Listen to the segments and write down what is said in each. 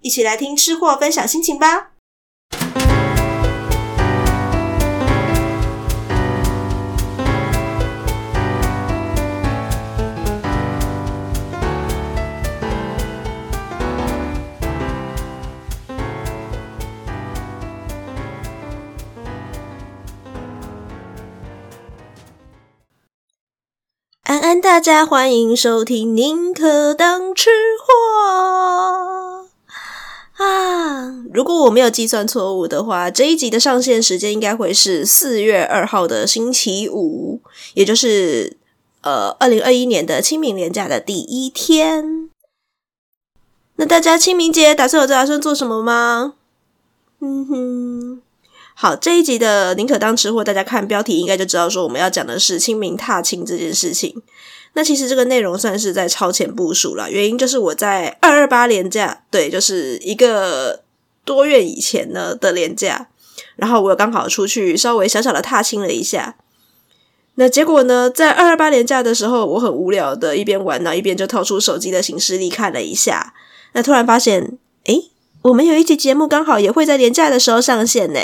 一起來聽吃貨分享心情吧！安安，大家歡迎收聽《寧可當吃貨》。啊，如果我沒有計算錯誤的話，這一集的上線時間應該會是四月二號的星期五，也就是呃二零二一年的清明連假的第一天。那大家清明節打算有在打算做什麼嗎？嗯哼，好，這一集的寧可當吃貨，大家看標題應該就知道說我們要講的是清明踏青這件事情。那其實這個內容算是在超前部署了，原因就是我在二二八連假，對，就是一個多月以前呢的連假，然後我剛好出去稍微小小的踏青了一下。那結果呢，在二二八連假的時候，我很無聊的一邊玩到一邊就掏出手機的行事曆，看了一下，那突然發現，哎，我們有一集節目剛好也會在連假的時候上線呢。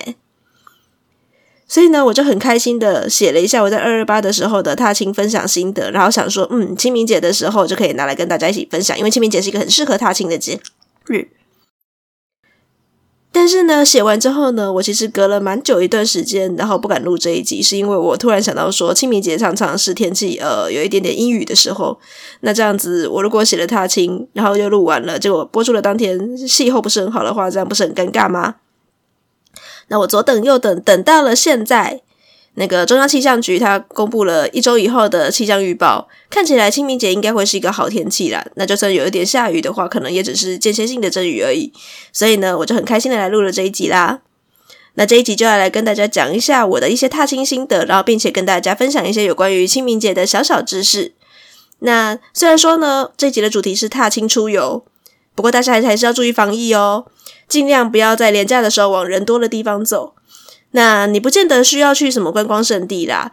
所以呢，我就很開心的寫了一下我在二二八的時候的踏青分享心得，然後想說，嗯，清明節的時候就可以拿來跟大家一起分享，因為清明節是一個很適合踏青的節日。嗯、但是呢，寫完之後呢，我其實隔了蠻久一段時間，然後不敢錄這一集，是因為我突然想到說，清明節常常是天氣呃有一點點陰雨的時候，那這樣子我如果寫了踏青，然後又錄完了，結果播出了當天氣候不是很好的話，這樣不是很尷尬嗎？那我左等右等，等到了現在，那個中央氣象局它公布了一周以後的氣象預報，看起來清明節應該會是一個好天氣啦。那就算有一點下雨的話，可能也只是間歇性的陣雨而已。所以呢，我就很開心的來錄了這一集啦。那這一集就要來來跟大家講一下我的一些踏青心得，然後並且跟大家分享一些有關於清明節的小小知識。那雖然說呢，這一集的主題是踏青出遊。不過大家還還是要注意防疫哦，儘量不要在連假的時候，往人多的地方走。那你不見得需要去什麼觀光勝地啦。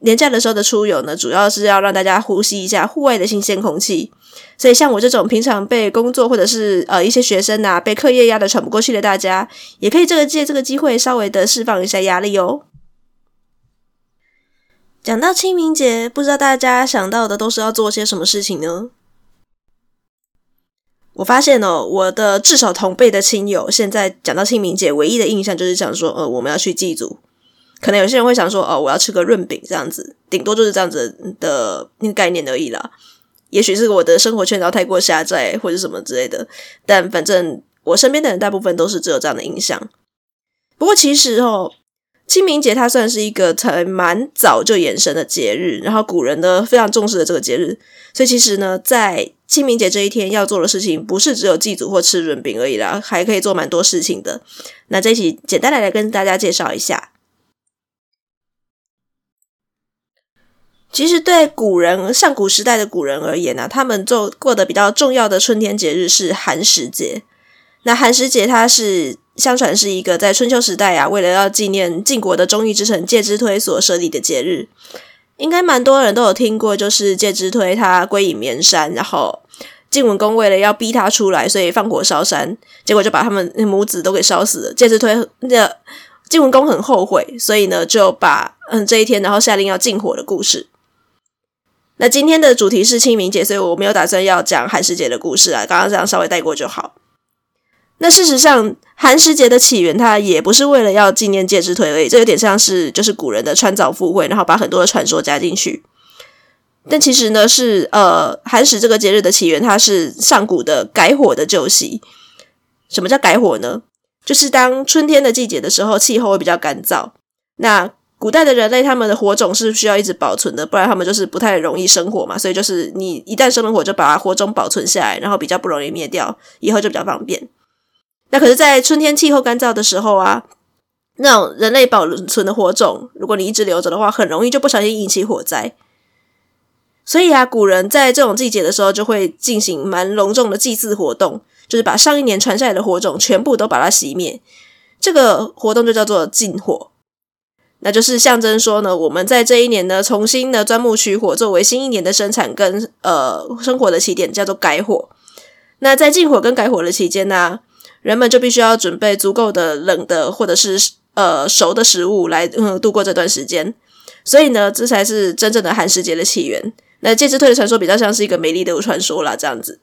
連假的時候的出遊呢，主要是要讓大家呼吸一下戶外的新鮮空氣。所以像我這種平常被工作或者是呃一些學生啊被課業壓得喘不過氣的大家，也可以這個借這個機會稍微的釋放一下壓力哦。講到清明節，不知道大家想到的都是要做些什麼事情呢？我發現哦，我的至少同輩的親友，現在講到清明節，唯一的印象就是想說，呃，我們要去祭祖。可能有些人會想說，哦、呃，我要吃個潤餅這樣子，頂多就是這樣子的那個概念而已啦。也許是我的生活圈然後太過狹窄，或者是什麼之類的。但反正我身邊的人大部分都是只有這樣的印象。不過其實哦，清明節它算是一個才蠻早就衍生的節日，然後古人呢，非常重視的這個節日，所以其實呢，在清明節這一天要做的事情，不是只有祭祖或吃潤餅而已啦，還可以做蠻多事情的。那這一期簡單的來跟大家介紹一下。其實對古人、上古時代的古人而言呢、啊，他們做過的比較重要的春天節日是寒食節。那寒食節，它是相傳是一個在春秋時代啊，為了要紀念晉國的忠義之臣介之推所設立的節日。應該蠻多人都有聽過，就是介之推他歸隱綿山，然後晉文公為了要逼他出來，所以放火燒山，結果就把他們母子都給燒死了。介之推，那晉文公很後悔，所以呢，就把嗯這一天，然後下令要禁火的故事。那今天的主題是清明節，所以我沒有打算要講寒食節的故事啊，剛剛這樣稍微帶過就好。那事實上，寒食節的起源，它也不是為了要紀念介之推而已，這有點像是就是古人的穿鑿附會，然後把很多的傳說加進去。但其實呢，是呃寒食這個節日的起源，它是上古的改火的舊習。什麼叫改火呢？就是當春天的季節的時候，氣候會比較乾燥。那古代的人類，他們的火種是需要一直保存的，不然他們就是不太容易生火嘛。所以就是你一旦生了火，就把它火種保存下來，然後比較不容易滅掉，以後就比較方便。那可是，在春天氣候乾燥的時候啊，那種人類保存的火種，如果你一直留着的話，很容易就不小心引起火災。所以啊，古人在這種季節的時候，就會進行蠻隆重的祭祀活動，就是把上一年傳下來的火種全部都把它熄滅。這個活動就叫做禁火。那就是象徵說呢，我們在這一年呢，重新的鑽木取火，作為新一年的生產跟呃生活的起點，叫做改火。那在禁火跟改火的期間呢啊，人們就必須要準備足夠的冷的或者是呃熟的食物來嗯度過這段時間，所以呢，這才是真正的寒食節的起源。那介之推的傳說比較像是一個美麗的傳說啦，這樣子。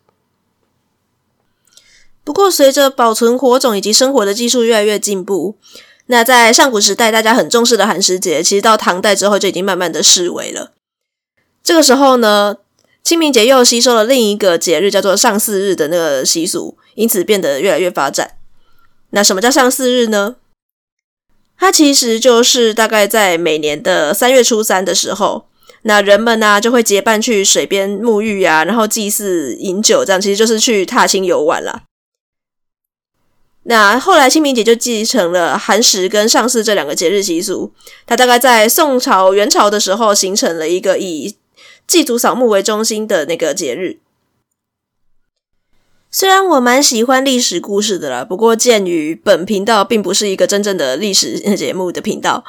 不過，隨着保存火種以及生活的技術越來越進步，那在上古時代大家很重視的寒食節，其實到唐代之後就已經慢慢的式微了。這個時候呢，清明節又吸收了另一個節日叫做上巳日的那個習俗。因此變得越來越發展。那什麼叫上巳日呢？它其實就是大概在每年的三月初三的時候，那人們呢、啊、就會結伴去水邊沐浴呀、啊，然後祭祀、飲酒，這樣其實就是去踏青遊玩啦。那後來清明節就繼承了寒食跟上巳這兩個節日習俗，它大概在宋朝、元朝的時候形成了一個以祭祖掃墓為中心的那個節日。雖然我蠻喜歡歷史故事的啦，不過鑑於本頻道並不是一個真正的歷史節目的頻道，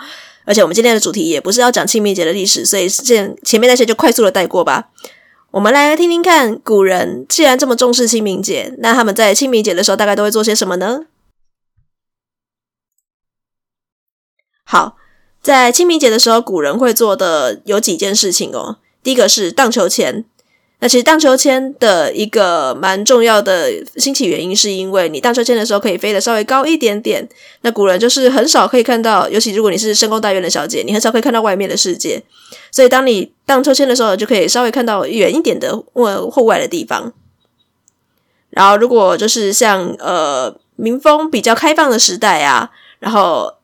而且我們今天的主題也不是要講清明節的歷史，所以先前面那些就快速的帶過吧。我們來聽聽看，古人既然這麼重視清明節，那他們在清明節的時候大概都會做些什麼呢？好，在清明節的時候，古人會做的有幾件事情哦。第一個是盪秋千。那其實蕩秋千的一個蠻重要的興起原因，是因為你蕩秋千的時候可以飛得稍微高一點點。那古人就是很少可以看到，尤其如果你是深宮大院的小姐，你很少可以看到外面的世界。所以當你蕩秋千的時候，就可以稍微看到遠一點的外戶外的地方。然後如果就是像呃民風比較開放的時代啊，然後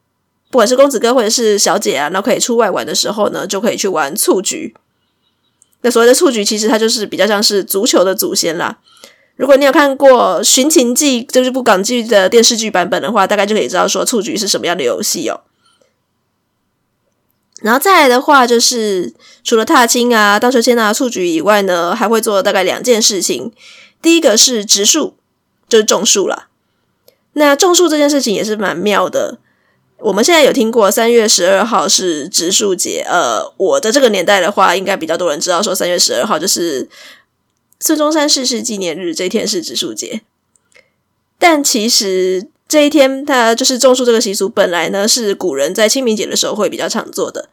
不管是公子哥或者是小姐啊，那可以出外玩的時候呢，就可以去玩蹴鞠。那所謂的蹴鞠，其實它就是比較像是足球的祖先啦。如果你有看過《尋秦記》就是部港劇的電視劇版本的話，大概就可以知道說蹴鞠是什麼樣的遊戲哦。然後再來的話，就是除了踏青啊、蕩秋千啊、蹴鞠以外呢，還會做大概兩件事情。第一個是植樹，就是種樹啦。那種樹這件事情也是蠻妙的。我們現在有聽過三月十二號是植樹節，呃，我的這個年代的話，應該比較多人知道說三月十二號就是孫中山逝世紀念日，這一天是植樹節。但其實這一天，他就是種樹這個習俗，本來呢，是古人在清明節的時候會比較常做的。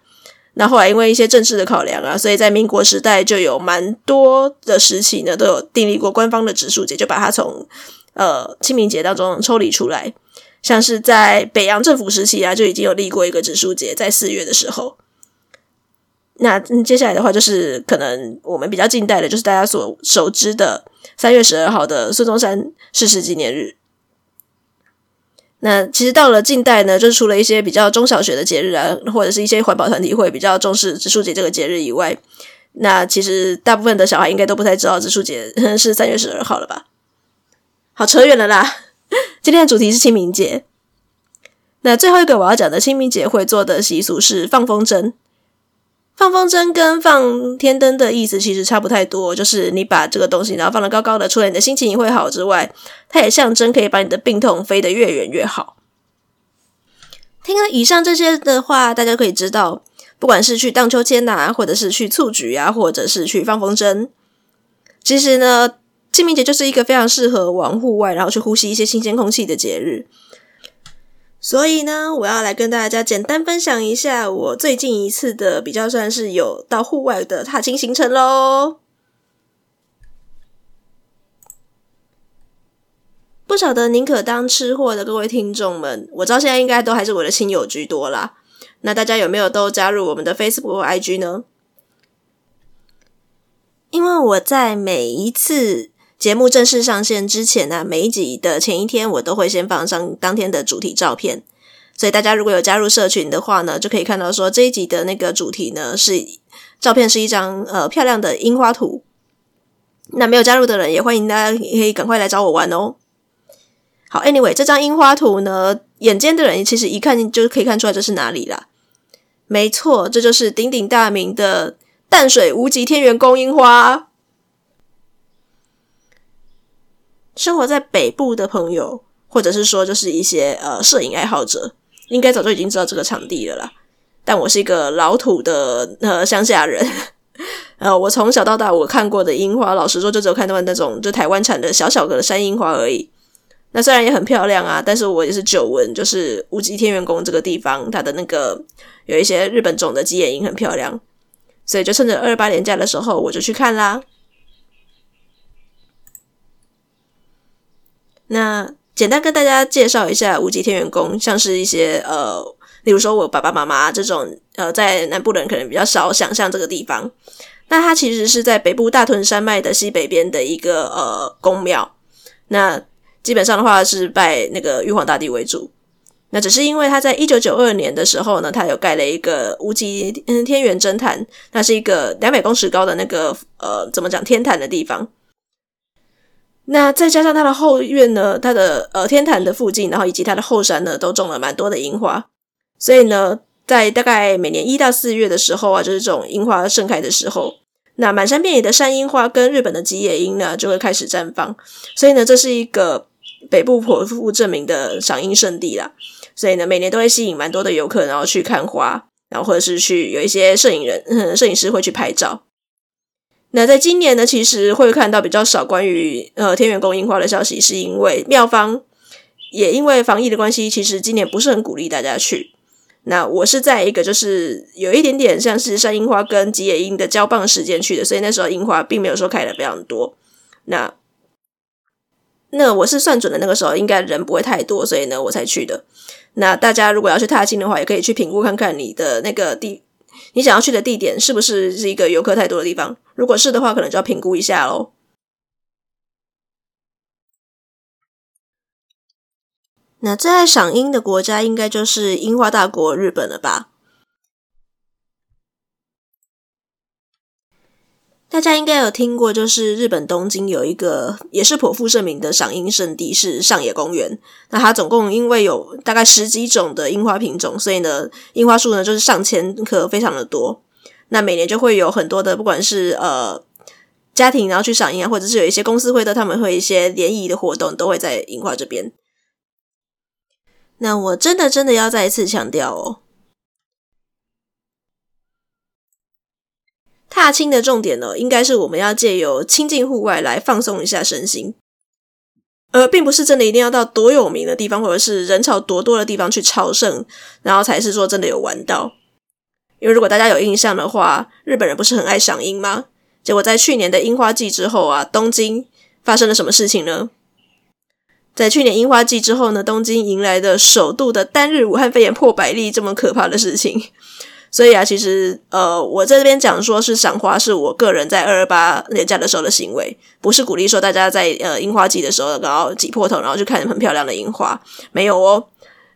那後來因為一些政治的考量啊，所以在民國時代就有蠻多的時期呢，都有訂立過官方的植樹節，就把它從呃清明節當中抽離出來。像是在北洋政府時期啊，就已經有立過一個植樹節，在四月的時候。那，嗯，接下來的話，就是可能我們比較近代的，就是大家所熟知的三月十二號的孫中山逝世紀念日。那其實到了近代呢，就是除了一些比較中小學的節日啊，或者是一些環保團體會比較重視植樹節這個節日以外，那其實大部分的小孩應該都不太知道植樹節是三月十二號了吧？好，扯遠了啦。今天的主題是清明節，那最後一個我要講的清明節會做的習俗是放風箏。放風箏跟放天燈的意思其實差不太多，就是你把這個東西然後放得高高的，除了你的心情會好之外，它也象徵可以把你的病痛飛得越遠越好。聽了以上這些的話，大家可以知道，不管是去盪秋千啊，或者是去蹴鞠啊，或者是去放風箏，其實呢。清明節就是一個非常適合玩戶外，然後去呼吸一些新鮮空氣的節日。所以呢，我要來跟大家簡單分享一下我最近一次的比較算是有到戶外的踏青行程嘍。不曉得寧可當吃貨的各位聽眾們，我知道現在應該都還是我的親友居多啦。那大家有沒有都加入我們的 Facebook IG 呢？因為我在每一次。節目正式上線之前呢、啊，每一集的前一天，我都會先放上當天的主題照片。所以大家如果有加入社群的話呢，就可以看到說這一集的那個主題呢是照片是一張呃漂亮的櫻花圖。那沒有加入的人也歡迎大家可以趕快來找我玩哦。好，Anyway，這張櫻花圖呢，眼尖的人其實一看就可以看出來這是哪裡了。沒錯，這就是鼎鼎大名的淡水無極天元宮櫻花。生活在北部的朋友，或者是說就是一些呃攝影愛好者，應該早就已經知道這個場地了啦。但我是一個老土的呃鄉下人，呃，我從小到大我看過的櫻花，老實說就只有看到的那種就台灣產的小小個的山櫻花而已。那雖然也很漂亮啊，但是我也是久聞，就是無極天元宮這個地方，它的那個有一些日本種的吉野櫻很漂亮，所以就趁着二,二八年假的時候，我就去看啦。那簡單跟大家介紹一下無極天元宮，像是一些呃，例如說我爸爸媽媽這種呃，在南部的人可能比較少想象這個地方。那它其實是在北部大屯山脈的西北邊的一個呃宮廟。那基本上的話是拜那個玉皇大帝為主。那只是因為他在一九九二年的時候呢，他有蓋了一個無極嗯天元真壇，那是一個兩百公尺高的那個呃怎麼講天壇的地方。那再加上它的後院呢，它的呃天壇的附近，然後以及它的後山呢，都種了蠻多的櫻花。所以呢，在大概每年一到四月的時候啊，就是這種櫻花盛開的時候，那滿山遍野的山櫻花跟日本的吉野櫻呢，就會開始綻放。所以呢，這是一個北部頗富盛名的賞櫻勝地啦，所以呢，每年都會吸引蠻多的遊客，然後去看花，然後或者是去有一些攝影人、攝影師會去拍照。那在今年呢，其實會看到比較少關於呃天元宮櫻花的消息，是因為廟方也因為防疫的關係，其實今年不是很鼓勵大家去。那我是在一個就是有一點點像是山櫻花跟吉野櫻的交棒時間去的，所以那時候櫻花並沒有說開的非常多。那那我是算準的那個時候，應該人不會太多，所以呢，我才去的。那大家如果要去踏青的話，也可以去評估看看你的那個地。你想要去的地點是不是是一個遊客太多的地方？如果是的話，可能就要評估一下嘍。那最愛賞櫻的國家，應該就是櫻花大國日本了吧？大家應該有聽過，就是日本東京有一個也是頗負盛名的賞櫻勝地，是上野公園。那它總共因為有大概十幾種的櫻花品種，所以呢，櫻花樹呢就是上千棵，非常的多。那每年就會有很多的，不管是呃家庭然後去賞櫻啊，或者是有一些公司會的，他們會一些聯誼的活動，都會在櫻花這邊。那我真的真的要再一次強調哦。踏青的重點呢，應該是我們要借由親近戶外來放鬆一下身心，而、呃、並不是真的一定要到多有名的地方，或者是人潮多多的地方去朝聖，然後才是說真的有玩到。因為如果大家有印象的話，日本人不是很愛賞櫻嗎？結果在去年的櫻花季之後啊，東京發生了什麼事情呢？在去年櫻花季之後呢，東京迎來的首度的單日武漢肺炎破百例這麼可怕的事情。所以啊，其實呃，我這邊講說是賞花，是我個人在二二八連假的時候的行為，不是鼓勵說大家在呃櫻花季的時候然後擠破頭，然後去看很漂亮的櫻花，沒有哦。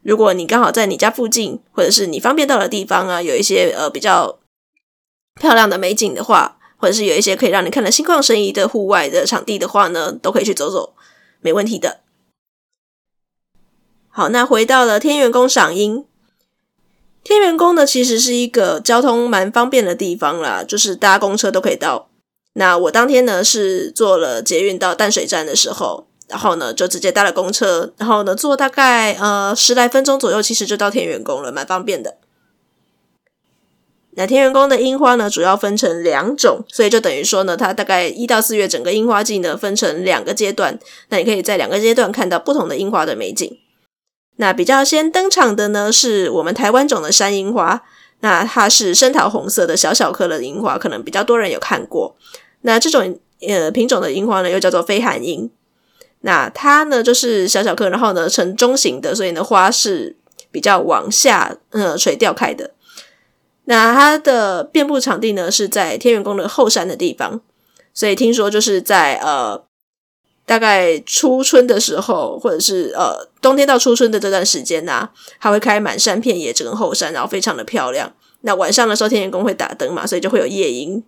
如果你剛好在你家附近，或者是你方便到的地方啊，有一些呃比較漂亮的美景的話，或者是有一些可以讓你看得心曠神怡的戶外的場地的話呢，都可以去走走，沒問題的。好，那回到了天元宮賞櫻。天元宮呢，其實是一個交通蠻方便的地方啦，就是搭公車都可以到。那我當天呢是坐了捷運到淡水站的時候，然後呢就直接搭了公車，然後呢坐大概呃十來分鐘左右，其實就到天元宮了，蠻方便的。那天元宮的櫻花呢，主要分成兩種，所以就等於說呢，它大概一到四月整個櫻花季呢，分成兩個階段，那你可以在兩個階段看到不同的櫻花的美景。那比較先登場的呢，是我們台灣種的山櫻花。那它是深桃紅色的小小顆的櫻花，可能比較多人有看過。那這種呃品種的櫻花呢，又叫做緋寒櫻。那它呢就是小小顆，然後呢呈鐘形的，所以呢，花是比較往下呃垂吊開的。那它的遍布場地呢是在天元宮的後山的地方，所以聽說就是在呃。大概初春的時候，或者是呃冬天到初春的這段時間吶、啊，它會開滿山遍野，整個後山，然後非常的漂亮。那晚上的時候，天元宮會打燈嘛，所以就會有夜櫻。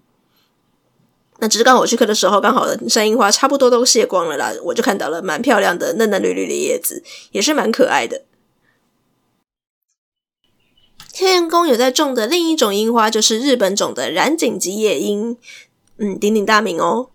那只是剛好我去刻的時候，剛好的山櫻花差不多都謝光了啦，我就看到了蠻漂亮的嫩嫩綠綠，綠的葉子，也是蠻可愛的。天元宮有在種的另一種櫻花，就是日本種的染井吉野櫻，嗯，鼎鼎大名哦。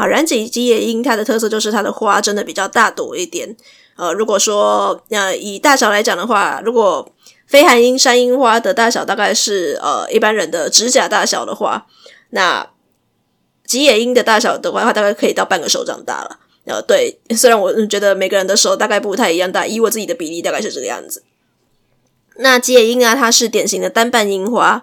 啊，染井吉，吉野櫻，它的特色就是它的花真的比較大朵一點。呃，如果說呃以大小來講的話，如果緋寒櫻、山櫻花的大小大概是呃一般人的指甲大小的話，那吉野櫻的大小的話，它大概可以到半個手掌大了。呃，對，雖然我覺得每個人的手大概不太一樣大，以我自己的比例大概是這個樣子。那吉野櫻呢、啊，它是典型的單瓣櫻花，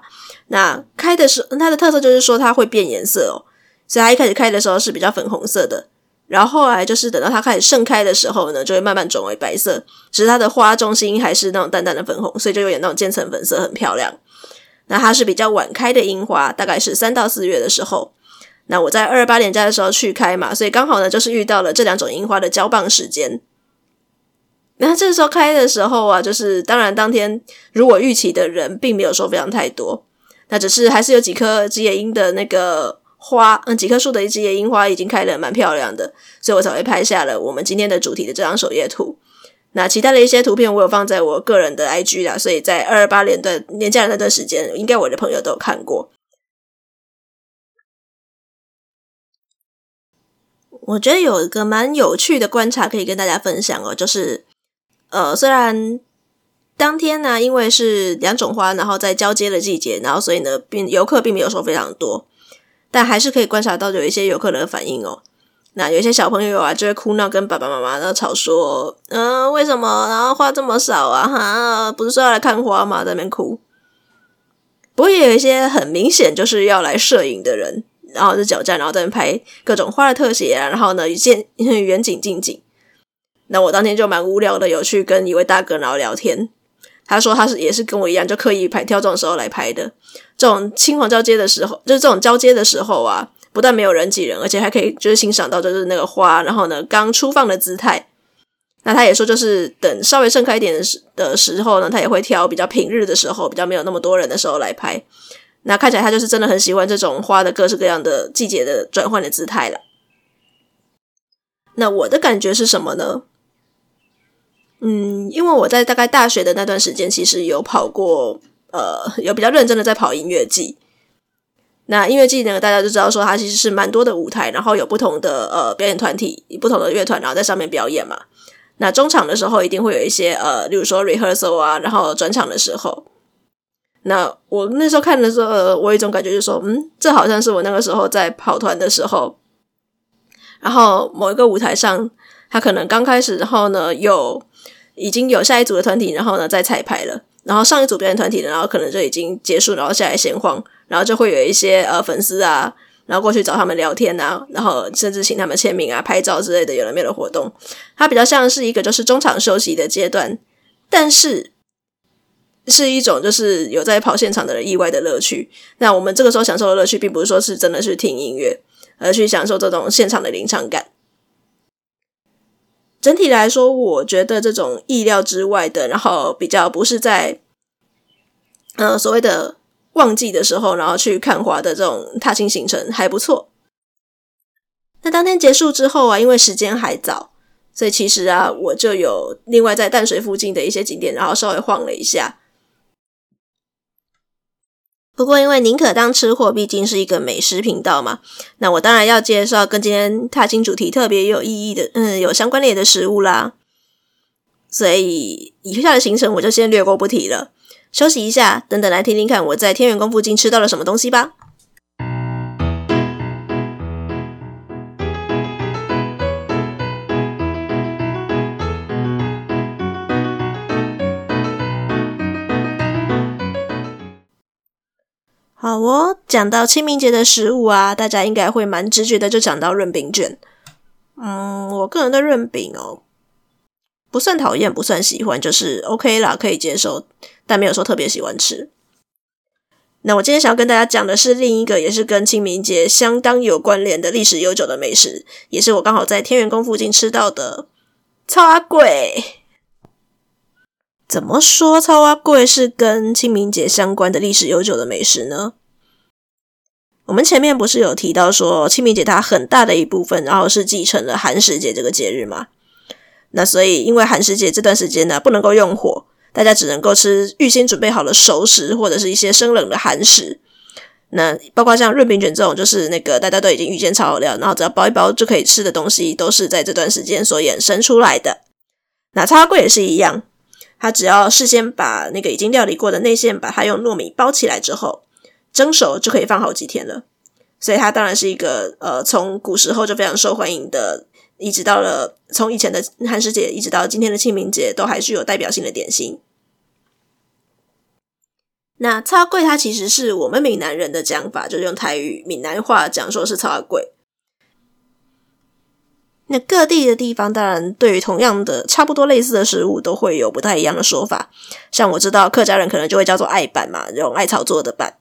那開的時候，它的特色就是說它會變顏色哦。所以它一開始開的時候是比較粉紅色的，然後後來就是等到它開始盛開的時候呢，就會慢慢轉為白色。其實它的花中心還是那種淡淡的粉紅，所以就有點那種漸層粉色，很漂亮。那它是比較晚開的櫻花，大概是三到四月的時候。那我在二二八年假的時候去開嘛，所以剛好呢就是遇到了這兩種櫻花的交棒時間。那這時候開的時候啊，就是當然當天如果預期的人並沒有說非常太多，那只是還是有幾顆吉野櫻的那個。花嗯，幾棵樹的一枝野櫻花已經開了，蠻漂亮的，所以我才會拍下了我們今天的主題的這張首頁圖。那其他的一些圖片我有放在我個人的 IG 啦，所以在二二八那段年假的那段時間，應該我的朋友都有看過。我覺得有一個蠻有趣的觀察可以跟大家分享哦、喔，就是呃，雖然當天呢、啊，因為是兩種花，然後在交接的季節，然後所以呢，並遊客並沒有說非常多。但還是可以觀察到有一些遊客的反應哦。那有一些小朋友啊，就會哭鬧，跟爸爸媽媽在那吵說：“嗯、呃，為什麼？然後花這麼少啊？哈，不是說要來看花嗎？在那邊哭。”不過也有一些很明顯就是要來攝影的人，然後就腳站，然後在那邊拍各種花的特寫。然後呢，一件，遠景、近景。那我當天就蠻無聊的，有去跟一位大哥然後聊天。他說他是也是跟我一樣，就刻意拍挑這種時候來拍的。這種青黃交接的時候，就是這種交接的時候啊，不但沒有人擠人，而且還可以就是欣賞到就是那個花，然後呢剛初放的姿態。那他也說，就是等稍微盛開一點的時的時候呢，他也會挑比較平日的時候，比較沒有那麼多人的時候來拍。那看起來他就是真的很喜歡這種花的各式各樣的季節的轉換的姿態了。那我的感覺是什麼呢？嗯，因為我在大概大學的那段時間，其實有跑過，呃，有比較認真的在跑音樂季。那音樂季呢，大家就知道說，它其實是蠻多的舞台，然後有不同的呃表演團體、不同的樂團，然後在上面表演嘛。那中場的時候一定會有一些呃，比如說 rehearsal 啊，然後轉場的時候，那我那時候看的時候，呃，我有一種感覺就是說，嗯，這好像是我那個時候在跑團的時候，然後某一個舞台上，他可能剛開始，然後呢有。已經有下一組的團體，然後呢在彩排了，然後上一組表演團體，然後可能就已經結束，然後下來閒逛，然後就會有一些呃粉絲啊，然後過去找他們聊天啊，然後甚至請他們簽名啊、拍照之類的，有的沒的活動，它比較像是一個就是中場休息的階段，但是是一種就是有在跑現場的人意外的樂趣。那我們這個時候享受的樂趣，並不是說是真的是聽音樂，而去享受這種現場的臨場感。整體來說，我覺得這種意料之外的，然後比較不是在，呃，所謂的旺季的時候，然後去看花的這種踏青行程還不錯。那當天結束之後啊，因為時間還早，所以其實啊，我就有另外在淡水附近的一些景點，然後稍微晃了一下。不過，因為寧可當吃貨畢竟是一個美食頻道嘛，那我當然要介紹跟今天踏青主題特別有意義的，嗯，有相關聯的食物啦。所以以下的行程我就先略過不提了，休息一下，等等來聽聽看我在天元宮附近吃到了什麼東西吧。好、哦，我講到清明節的食物啊，大家應該會蠻直覺的就講到潤餅捲。嗯，我個人的潤餅哦，不算討厭，不算喜歡，就是 OK 啦，可以接受，但沒有說特別喜歡吃。那我今天想要跟大家講的是另一個，也是跟清明節相當有關聯的歷史悠久的美食，也是我剛好在天元宮附近吃到的草仔粿。怎麼說，草仔粿是跟清明節相關的歷史悠久的美食呢？我們前面不是有提到說，清明節它很大的一部分，然後是繼承了寒食節這個節日嗎？那所以，因為寒食節這段時間呢，不能夠用火，大家只能夠吃預先準備好的熟食或者是一些生冷的寒食。那包括像潤餅卷這種，就是那個大家都已經預先炒好料，然後只要包一包就可以吃的東西，都是在這段時間所衍生出來的。那草仔粿也是一樣。它只要事先把那個已經料理過的內餡，把它用糯米包起來之後蒸熟，就可以放好幾天了。所以它當然是一個呃，從古時候就非常受歡迎的，一直到了從以前的寒食節，一直到今天的清明節，都還是有代表性的點心。那草粿它其實是我們閩南人的講法，就是用台語閩南話講，說是草粿。那各地的地方，當然對於同樣的差不多類似的食物，都會有不太一樣的說法。像我知道客家人可能就會叫做艾粄嘛，用艾草做的粄。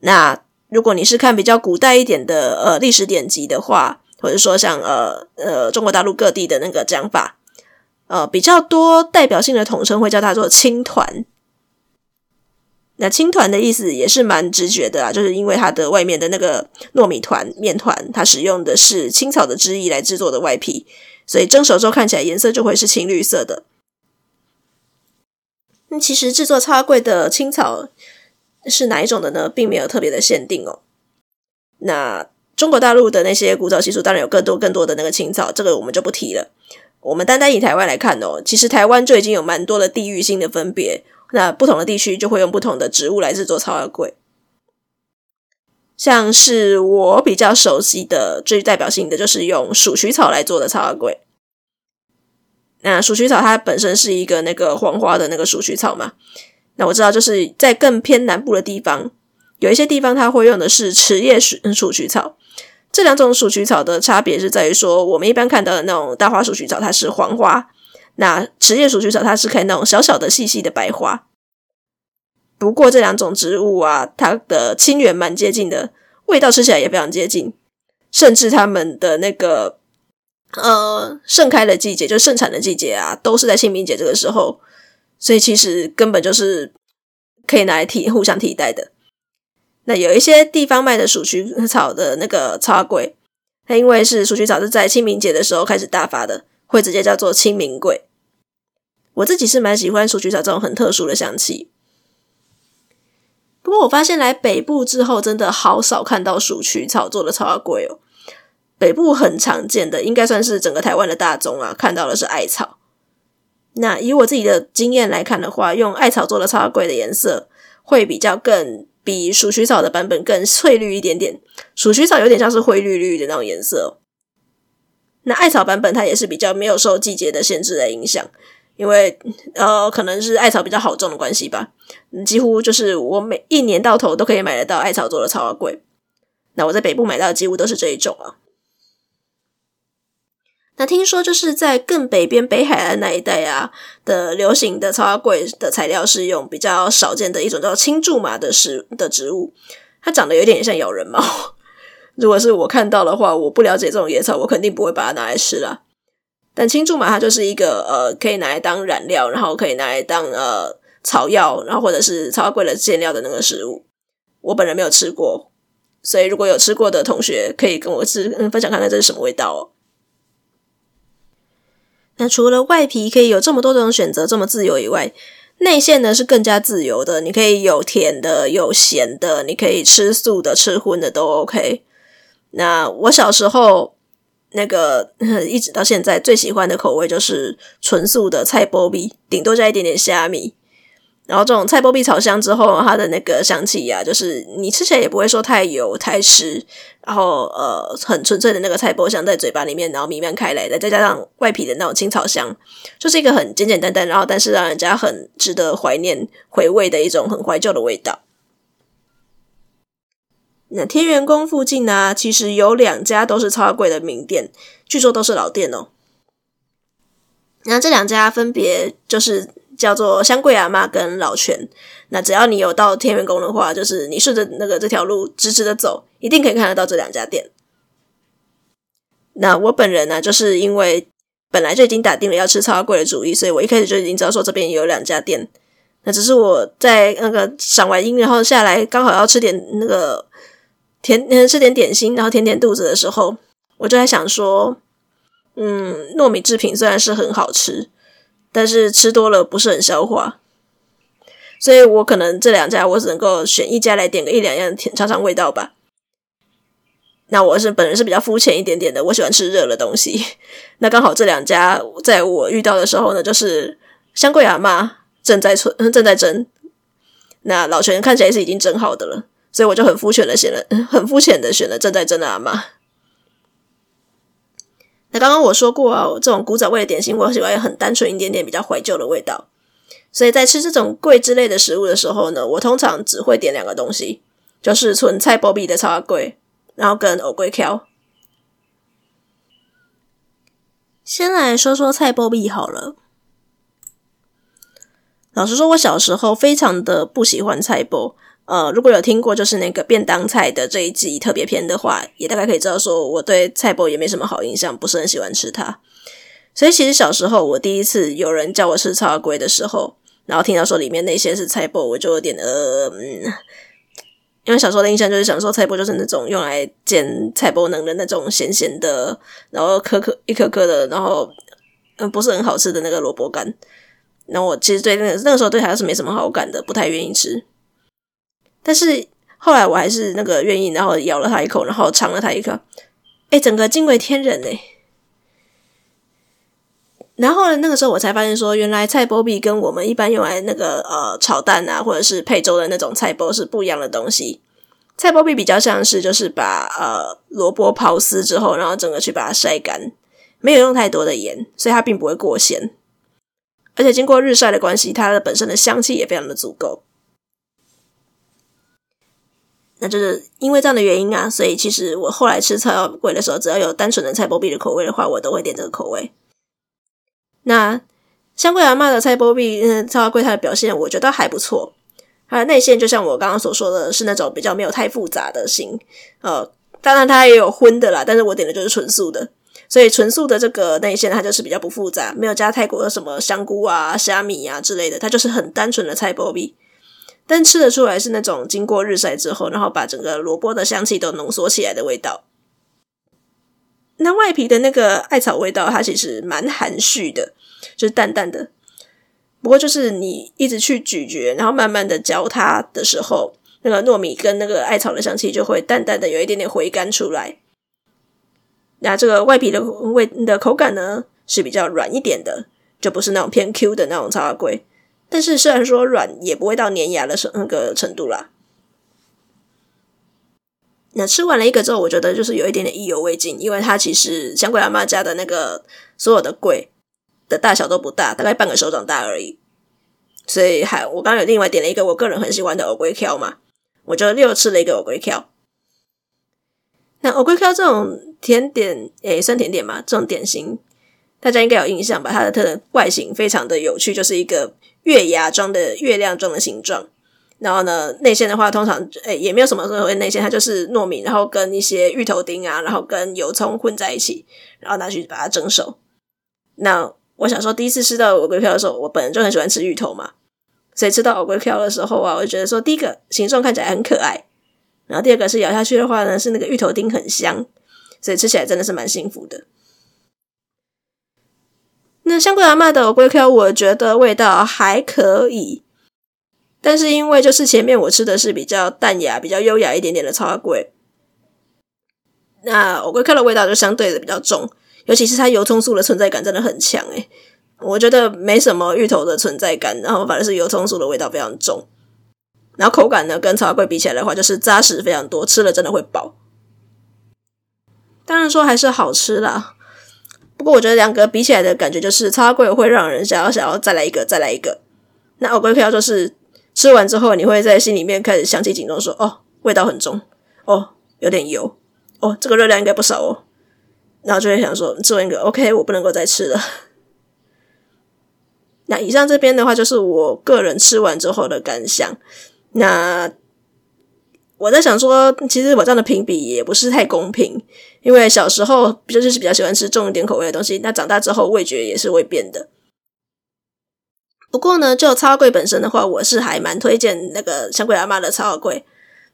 那如果你是看比較古代一點的呃歷史典籍的話，或者說像呃呃中國大陸各地的那個講法，呃比較多代表性的統稱會叫它做青團。那青團的意思也是蠻直覺的啊，就是因為它的外面的那個糯米團面團，它使用的是青草的汁液來制作的外皮，所以蒸熟之後看起來顏色就會是青綠色的。那其實制作叉櫃的青草是哪一種的呢？並沒有特別的限定哦、喔。那中國大陸的那些古早習俗，當然有更多更多的那個青草，這個我們就不提了。我們單單以台灣來看哦、喔，其實台灣就已經有蠻多的地域性的分別。那不同的地區就會用不同的植物來制作草仔粿，像是我比較熟悉的、最代表性的就是用鼠曲草來做的草仔粿。那鼠曲草它本身是一個那個黃花的那個鼠曲草嘛。那我知道就是在更偏南部的地方，有一些地方它會用的是匙葉鼠鼠曲草，這兩種鼠曲草的差別是在於說，我們一般看到的那種大花鼠曲草它是黃花。那遲葉鼠曲草它是開那種小小的細細的白花，不過這兩種植物啊，它的親緣蠻接近的，味道吃起來也非常接近，甚至它們的那個呃盛開的季節，就盛產的季節啊，都是在清明節這個時候，所以其實根本就是可以拿來替互相替代的。那有一些地方賣的鼠曲草的那個草粿，它因為是鼠曲草是在清明節的時候開始大發的，會直接叫做清明粿。我自己是蠻喜歡鼠曲草這種很特殊的香氣，不過我發現來北部之後，真的好少看到鼠曲草做的草仔粿哦。北部很常見的，應該算是整個台灣的大宗啊，看到的是艾草。那以我自己的經驗來看的話，用艾草做的草仔粿的顏色會比較更比鼠曲草的版本更翠綠一點點，鼠曲草有點像是灰綠綠的那種顏色哦。那艾草版本它也是比較沒有受季節的限制的影響。因為呃，可能是艾草比較好種的關係吧，幾乎就是我每一年到頭都可以買得到艾草做的草花櫃。那我在北部買到的幾乎都是這一種啊。那聽說就是在更北邊北海岸那一帶啊的流行的草花櫃的材料是用比較少見的一種叫青苧麻的食的植物，它長得有點像咬人貓。 如果是我看到的話，我不了解這種野草，我肯定不會把它拿來吃啦。但青竹嘛，它就是一個呃，可以拿來當染料，然後可以拿來當呃草藥，然後或者是草藥貴的餡料的那個食物。我本人沒有吃過，所以如果有吃過的同學，可以跟我吃嗯分享看看這是什麼味道哦。那除了外皮可以有這麼多種選擇這麼自由以外，內餡呢是更加自由的，你可以有甜的，有鹹的，你可以吃素的，吃葷的都 OK。那我小時候。那個一直到現在最喜歡的口味就是純素的菜脯米，頂多加一點點蝦米。然後這種菜脯米炒香之後，它的那個香氣呀、啊，就是你吃起來也不會說太油太濕，然後呃很純粹的那個菜脯香在嘴巴裡面，然後彌漫開來的，再加上外皮的那種青草香，就是一個很簡簡單單，然後但是讓人家很值得懷念回味的一種很懷舊的味道。那天元宮附近呢、啊，其實有兩家都是超貴的名店，據說都是老店哦、喔。那這兩家分別就是叫做香貴阿媽跟老泉。那只要你有到天元宮的話，就是你順着那個這條路直直的走，一定可以看得到這兩家店。那我本人呢、啊，就是因為本來就已經打定了要吃超貴的主意，所以我一開始就已經知道說這邊有兩家店。那只是我在那個賞完櫻然後下來，剛好要吃點那個。甜吃點點心，然後填填肚子的時候，我就在想說，嗯，糯米製品雖然是很好吃，但是吃多了不是很消化，所以我可能這兩家我只能夠選一家來點個一兩樣，嚐嚐味道吧。那我是本人是比較膚淺一點點的，我喜歡吃熱的東西。那剛好這兩家在我遇到的時候呢，就是香桂阿嬤正在蒸，正在蒸。那老全看起來是已經蒸好的了。所以我就很膚淺的選了，很膚淺的選了正在蒸的阿媽。那剛剛我說過啊，這種古早味的點心，我喜歡很單純一點點、比較懷舊的味道。所以在吃這種粿之類的食物的時候呢，我通常只會點兩個東西，就是純菜脯比的炒粿，然後跟芋粿巧。先來說說菜脯比好了。老實說，我小時候非常的不喜歡菜脯。呃，如果有聽過就是那個便當菜的這一季特別篇的話，也大概可以知道說我對菜脯也沒什麼好印象，不是很喜歡吃它。所以其實小時候我第一次有人叫我吃草仔粿的時候，然後聽到說裡面那些是菜脯，我就有點呃，嗯，因為小時候的印象就是想說菜脯就是那種用來煎菜脯能的那種鹹鹹的，然後顆顆一顆顆的，然後嗯不是很好吃的那個蘿蔔乾。那我其實對那個、那個時候對它是沒什麼好感的，不太願意吃。但是後來我還是那個願意，然後咬了他一口，然後嚐了他一口，哎、欸，整個驚為天人呢！然後，後那個時候我才發現說，原來菜脯米跟我們一般用來那個呃炒蛋啊，或者是配粥的那種菜脯是不一樣的東西。菜脯米比，比較像是就是把呃蘿蔔刨絲之後，然後整個去把它曬乾，沒有用太多的鹽，所以它並不會過鹹。而且經過日曬的關係，它的本身的香氣也非常的足夠。那就是因為這樣的原因啊，所以其實我後來吃菜包粿的時候，只要有單純的菜包粄的口味的話，我都會點這個口味。那香桂阿嬤的菜包粄，嗯，菜包粿它的表現我覺得還不錯。它的內餡就像我剛剛所說的是那種比較沒有太複雜的型，呃，當然它也有葷的啦，但是我點的就是純素的，所以純素的這個內餡它就是比較不複雜，沒有加太多的什麼香菇啊、蝦米啊之類的，它就是很單純的菜包粄。但吃得出來是那種經過日曬之後，然後把整個蘿蔔的香氣都濃縮起來的味道。那外皮的那個艾草味道，它其實蠻含蓄的，就是淡淡的。不過就是你一直去咀嚼，然後慢慢的嚼它的時候，那個糯米跟那個艾草的香氣就會淡淡的有一點點回甘出來。那這個外皮的味的口感呢是比較軟一點的，就不是那種偏 Q 的那種草仔粿。但是雖然說軟，也不會到黏牙的那那個程度啦。那吃完了一個之後，我覺得就是有一點點意猶未盡，因為它其實香桂阿嬤家的那個所有的粿的大小都不大，大概半個手掌大而已。所以還我剛有另外點了一個我個人很喜歡的芋粿巧嘛，我就又吃了一個芋粿巧。那芋粿巧這種甜點誒、欸，算甜點嘛，這種點心大家應該有印象吧？它的特外形非常的有趣，就是一個。月牙狀的、月亮狀的形狀，然後呢，內餡的話通常誒、欸、也沒有什麼所謂內餡，它就是糯米，然後跟一些芋頭丁啊，然後跟油蔥混在一起，然後拿去把它蒸熟。那我想說，第一次吃到芋粿巧的時候，我本人就很喜歡吃芋頭嘛，所以吃到芋粿巧的時候啊，我就覺得說，第一個形狀看起來很可愛，然後第二個是咬下去的話呢，是那個芋頭丁很香，所以吃起來真的是蠻幸福的。那香桂阿嬤賣的烏龜粿，我覺得味道還可以，但是因為就是前面我吃的是比較淡雅，比較優雅一點點的草仔粿，那烏龜粿的味道就相對的比較重，尤其是它油蔥酥的存在感真的很強誒、欸、我覺得沒什麼芋頭的存在感，然後反而是油蔥酥的味道非常重，然後口感呢，跟草仔粿比起來的話，就是紮實非常多，吃了真的會飽，當然說還是好吃啦。不過我覺得兩個比起來的感覺就是，超阿貴會讓人想要想要再來一個再來一個。那歐貴克要就是吃完之後，你會在心裡面開始想起警鐘，說：“哦，味道很重，哦，有點油，哦，這個熱量應該不少哦。”然後就會想說：“吃完一個 OK，我不能夠再吃了。”那以上這邊的話就是我個人吃完之後的感想。那我在想說，其實我這樣的評比也不是太公平，因為小時候就是比較喜歡吃重一點口味的東西，那長大之後味覺也是會變的。不過呢，就超貴本身的話，我是還蠻推薦那個香桂阿媽的超貴。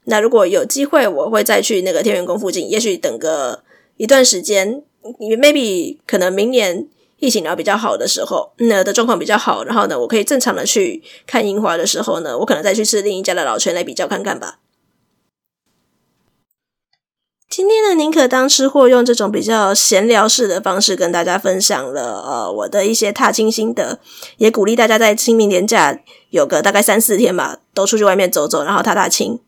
那如果有機會，我會再去那個天元宮附近，也許等個一段時間，因為 maybe 可能明年疫情然後比較好的時候，那的狀況比較好，然後呢，我可以正常的去看櫻花的時候呢，我可能再去吃另一家的老全來比較看看吧。今天呢，寧可當吃貨用這種比較閒聊式的方式跟大家分享了呃，我的一些踏青心得，也鼓勵大家在清明連假有個大概三四天吧，都出去外面走走，然後踏踏青。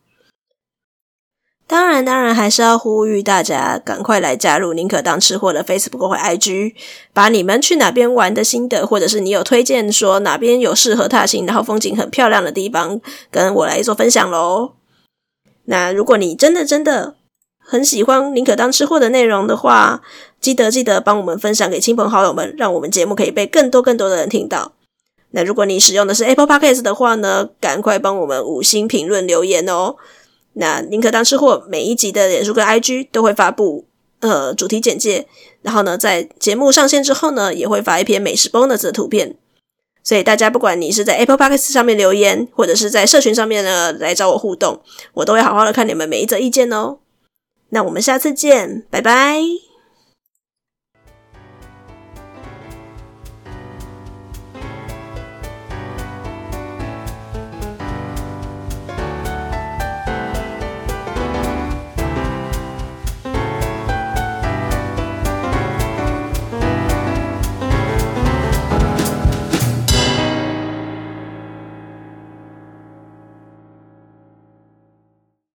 當然，當然還是要呼籲大家趕快來加入寧可當吃貨的 Facebook 或 IG，把你們去哪邊玩的心得，或者是你有推薦說哪邊有適合踏青，然後風景很漂亮的地方，跟我來做分享嘍。那如果你真的真的很喜歡寧可當吃貨的內容的話，記得記得幫我們分享給親朋好友們，讓我們節目可以被更多更多的人聽到。那如果你使用的是 Apple Podcasts 的話呢，趕快幫我們五星評論留言哦。那寧可當吃貨每一集的臉書跟 IG 都會發布，呃，主題簡介，然後呢，在節目上線之後呢，也會發一篇美食 bonus 的圖片。所以大家不管你是在 Apple Podcasts 上面留言，或者是在社群上面呢，來找我互動，我都會好好的看你們每一則意見哦。那我們下次見，拜拜。